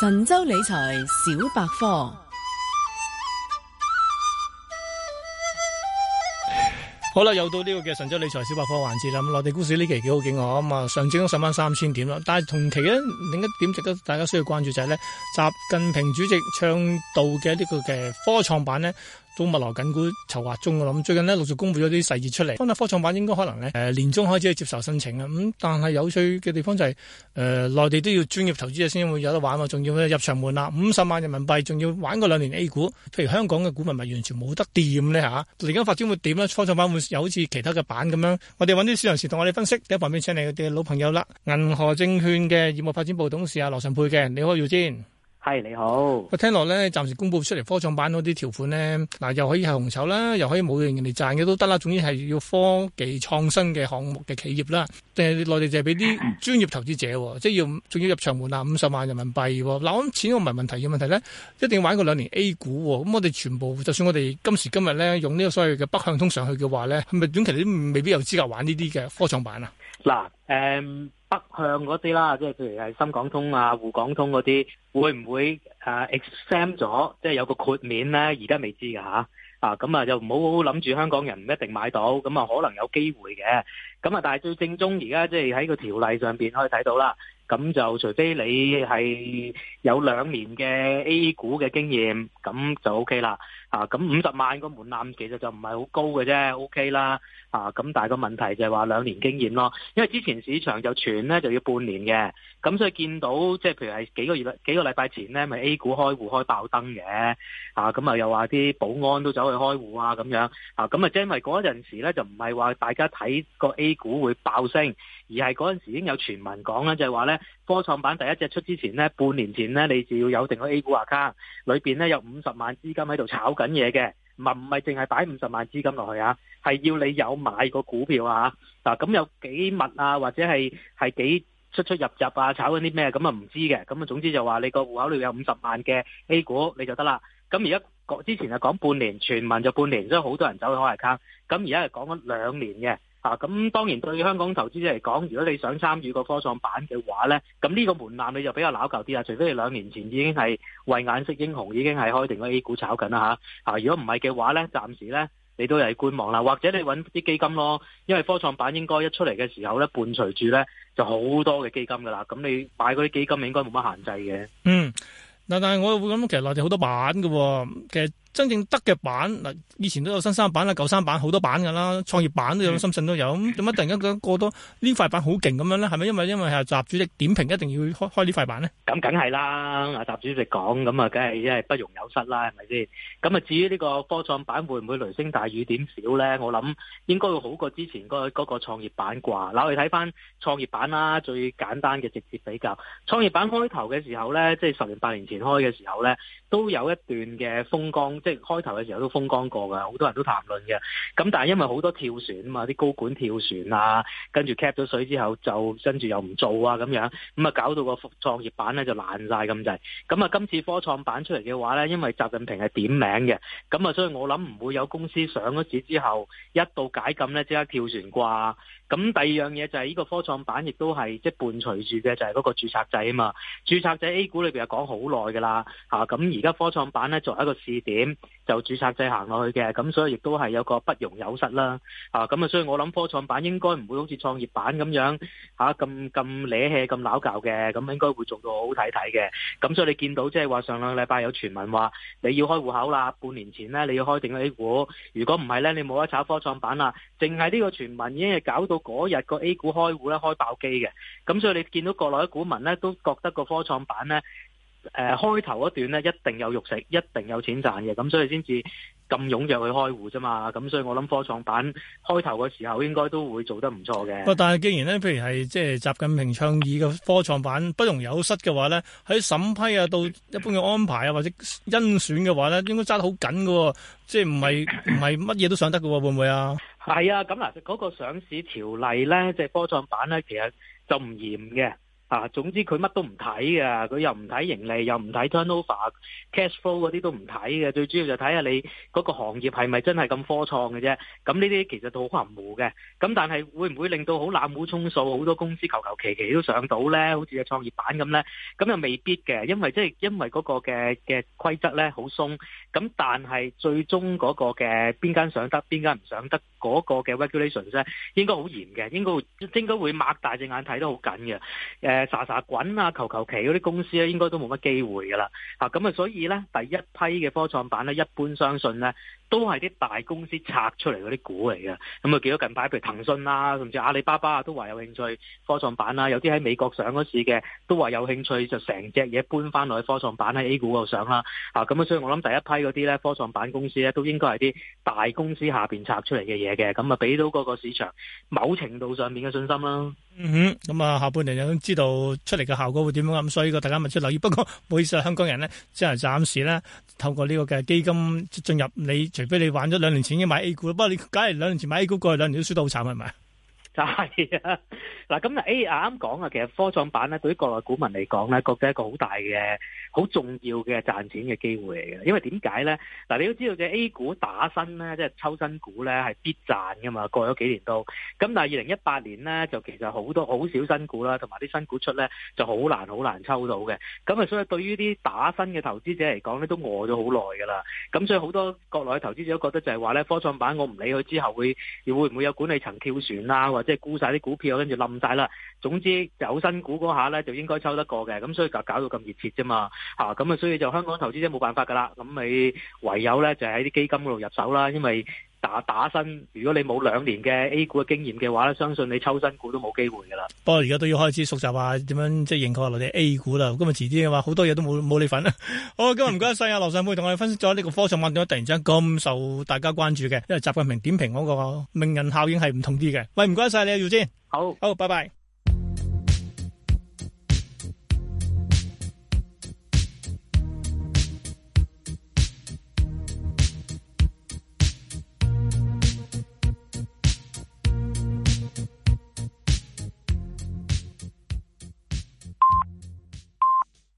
神州理財小百科，好啦，又到呢個嘅神州理財小百科環節啦。咁內地股市呢期幾好景喎，咁啊上證都上翻三千點啦。但係同期咧，另一點值得大家需要關注就係咧，習近平主席倡導嘅呢個嘅科創板咧。都物流緊股籌劃中噶啦，咁最近呢，陸續公布咗啲細節出嚟。當日，科創板應該可能咧，誒、呃、年中開始接受申請啦。咁、嗯、但係有趣嘅地方就係、是，誒、呃、內地都要專業投資者先會有得玩喎，仲要入場門啦，五十萬人民幣，仲要玩個兩年 A 股。譬如香港嘅股民咪完全冇得掂呢？吓、啊。嚟緊發展會點咧？科創板會又好似其他嘅板咁樣。我哋揾啲市場時同我哋分析，第一旁邊請嚟我哋老朋友啦，銀河證券嘅業務發展部董事阿羅尚沛嘅，你可以要先。係你好，我聽落咧，暫時公布出嚟科創板嗰啲條款咧，嗱又可以係紅籌啦，又可以冇人哋賺嘅都得啦，總之係要科技創新嘅項目嘅企業啦。定係內地淨係俾啲專業投資者，即係要仲要入場門啊，五十萬人民幣。嗱咁錢都唔係問題，嘅問題咧，一定要玩過兩年 A 股。咁我哋全部，就算我哋今時今日咧，用呢個所謂嘅北向通上去嘅話咧，係咪短期都未必有資格玩呢啲嘅科創板啊？嗱、nah, um，誒。北向嗰啲啦，即係譬如係深港通啊、滬港通嗰啲，會唔會誒 exempt 咗，即係有個豁免呢，而家未知㗎。吓，啊咁啊又唔好諗住香港人唔一定買到，咁啊可能有機會嘅，咁啊但係最正宗而家即係喺個條例上面可以睇到啦。咁就除非你係有兩年嘅 A 股嘅經驗，咁就 OK 啦。啊，咁五十萬個門檻其實就唔係好高嘅啫，OK 啦。啊，咁但係個問題就係話兩年經驗咯，因為之前市場就傳咧就要半年嘅，咁所以見到即係譬如係幾個月幾個禮拜前咧，咪 A 股開戶開爆燈嘅。啊，咁啊又話啲保安都走去開戶啊咁樣。啊，咁啊即係因為嗰陣時咧就唔係話大家睇個 A 股會爆升，而係嗰陣時已經有傳聞講咧就係話咧。科創板第一隻出之前咧，半年前咧，你就要有定個 A 股 account。裏邊咧有五十萬資金喺度炒緊嘢嘅，唔係唔係淨係擺五十萬資金落去啊，係要你有買個股票啊，嗱咁有幾密啊，或者係係幾出出入入啊，炒緊啲咩咁啊唔知嘅，咁啊總之就話你個戶口裏有五十萬嘅 A 股你就得啦，咁而家之前係講半年全民就半年，所以好多人走去開 account。咁而家係講咗兩年嘅。啊，咁當然對香港投資者嚟講，如果你想參與個科創板嘅話呢，咁呢個門檻你就比較攪舊啲啊！除非你兩年前已經係慧眼識英雄，已經係開定個 A 股炒緊啦嚇。啊，如果唔係嘅話呢，暫時呢你都係觀望啦，或者你揾啲基金咯。因為科創板應該一出嚟嘅時候呢，伴隨住呢就好多嘅基金噶啦。咁你買嗰啲基金應該冇乜限制嘅。嗯，但係我會諗，其實內地好多板嘅、哦。真正得嘅板，嗱，以前都有新三板啦、舊三板好多板噶啦，創業板都有，深圳都有，咁點解突然間過多塊呢塊板好勁咁樣咧？係咪因為因為習主席點評一定要開開塊板呢塊板咧？咁梗係啦，阿習主席講咁啊，梗係一係不容有失啦，係咪先？咁啊，至於呢個科創板會唔會雷聲大雨點小咧？我諗應該會好過之前嗰、嗰個、嗰個創業板啩。嗱，我哋睇翻創業板啦，最簡單嘅直接比較，創業板開頭嘅時候咧，即、就、係、係、十年八年前開嘅時候咧，都有一段嘅風光。即係開頭嘅時候都風光過嘅，好多人都談論嘅。咁但係因為好多跳船啊嘛，啲高管跳船啊，跟住 cap 咗水之後就，就跟住又唔做啊咁樣，咁啊搞到個創業板咧就爛晒咁滯。咁啊，今次科創板出嚟嘅話咧，因為習近平係點名嘅，咁啊，所以我諗唔會有公司上咗市之後一到解禁咧，即刻跳船啩。咁第二樣嘢就係呢個科創板亦都係即係伴隨住嘅就係嗰個註冊制啊嘛，註冊制 A 股裏邊又講好耐噶啦，嚇咁而家科創板咧作為一個試點，就註冊制行落去嘅，咁所以亦都係有個不容有失啦，嚇咁啊，所以我諗科創板應該唔會好似創業板咁樣嚇咁咁瀨氣咁攪搞嘅，咁、啊、應該會做到好睇睇嘅。咁所以你見到即係話上兩個禮拜有傳聞話你要開戶口啦，半年前咧你要開定 A 股，如果唔係咧你冇得炒科創板啦，淨係呢個傳聞已經係搞到。嗰日個 A 股開戶咧開爆機嘅，咁所以你見到國內嘅股民咧都覺得個科創板咧，誒、呃、開頭一段咧一定有肉食，一定有錢賺嘅，咁所以先至咁踴躍去開戶啫嘛。咁所以我諗科創板開頭嘅時候應該都會做得唔錯嘅。不但係既然咧，譬如係即係習近平倡議嘅科創板不容有失嘅話咧，喺審批啊，到一般嘅安排啊，或者甄選嘅話咧，應該揸得好緊㗎喎，即係唔係唔係乜嘢都上得㗎喎，會唔會啊？係啊，咁嗱，嗰個上市條例咧，即係科創板咧，其實就唔嚴嘅。啊，總之佢乜都唔睇嘅，佢又唔睇盈利，又唔睇 turnover、cash flow 嗰啲都唔睇嘅，最主要就睇下你嗰個行業係咪真係咁科創嘅啫。咁呢啲其實都好含糊嘅。咁但係會唔會令到好濫竽充數，好多公司求求其其都上到呢？好似個創業板咁呢，咁又未必嘅，因為即係因為嗰個嘅嘅規則呢好鬆。咁但係最終嗰個嘅邊間上得，邊間唔上得，嗰個嘅 regulations 咧應該好嚴嘅，應該應該會擘大隻眼睇得好緊嘅。誒。誒，沙沙滾啊，求求其，嗰啲公司咧，應該都冇乜機會噶啦，吓，咁啊，所以咧第一批嘅科創板咧，一般相信咧都係啲大公司拆出嚟嗰啲股嚟嘅，咁啊，見到近排譬如騰訊啦，甚至阿里巴巴啊，都話有興趣科創板啦，有啲喺美國上市嘅都話有興趣，啊、的興趣就成隻嘢搬翻落去科創板喺 A 股嗰度上啦，吓、啊、咁啊，所以我諗第一批嗰啲咧科創板公司咧，都應該係啲大公司下邊拆出嚟嘅嘢嘅，咁啊，俾到嗰個市場某程度上面嘅信心啦。嗯哼，咁啊，下半年有冇知道？出嚟嘅效果會點樣咁？所以大家密切留意。不過，唔好意思啊，香港人咧，即係暫時咧，透過呢個嘅基金進入你，你除非你玩咗兩年前已經買 A 股咯。不過你假如兩年前買 A 股，過去兩年都輸得好慘，係咪啊？就係 啊！嗱咁嗱 A 啱講啊，其實科創板咧對於國內股民嚟講咧，覺得一個好大嘅、好重要嘅賺錢嘅機會嚟嘅。因為點解咧？嗱、啊，你都知道嘅 A 股打新咧，即係抽新股咧係必賺噶嘛。過咗幾年都咁，但係二零一八年咧就其實好多好少新股啦，同埋啲新股出咧就好難好難抽到嘅。咁啊，所以對於啲打新嘅投資者嚟講咧，都餓咗好耐㗎啦。咁所以好多國內嘅投資者都覺得就係話咧，科創板我唔理佢之後會會唔會有管理層跳船啦、啊。即係沽晒啲股票，跟住冧晒啦。總之有新股嗰下咧，就應該抽得過嘅。咁所以搞搞到咁熱切啫嘛。吓，咁啊，所以就香港投資者冇辦法㗎啦。咁你唯有咧就喺、是、啲基金嗰度入手啦，因為。打打新，如果你冇兩年嘅 A 股嘅經驗嘅話咧，相信你抽新股都冇機會噶啦。不過而家都要開始熟習話點樣即係認可我哋 A 股啦。今日遲啲嘅話，好多嘢都冇冇你份啦。 好，今日唔該晒啊，羅 尚沛同我哋分析咗呢個科創板點解突然之間咁受大家關注嘅，因為習近平點評嗰個名人效應係唔同啲嘅。喂，唔該晒你啊耀尊，好好，拜拜。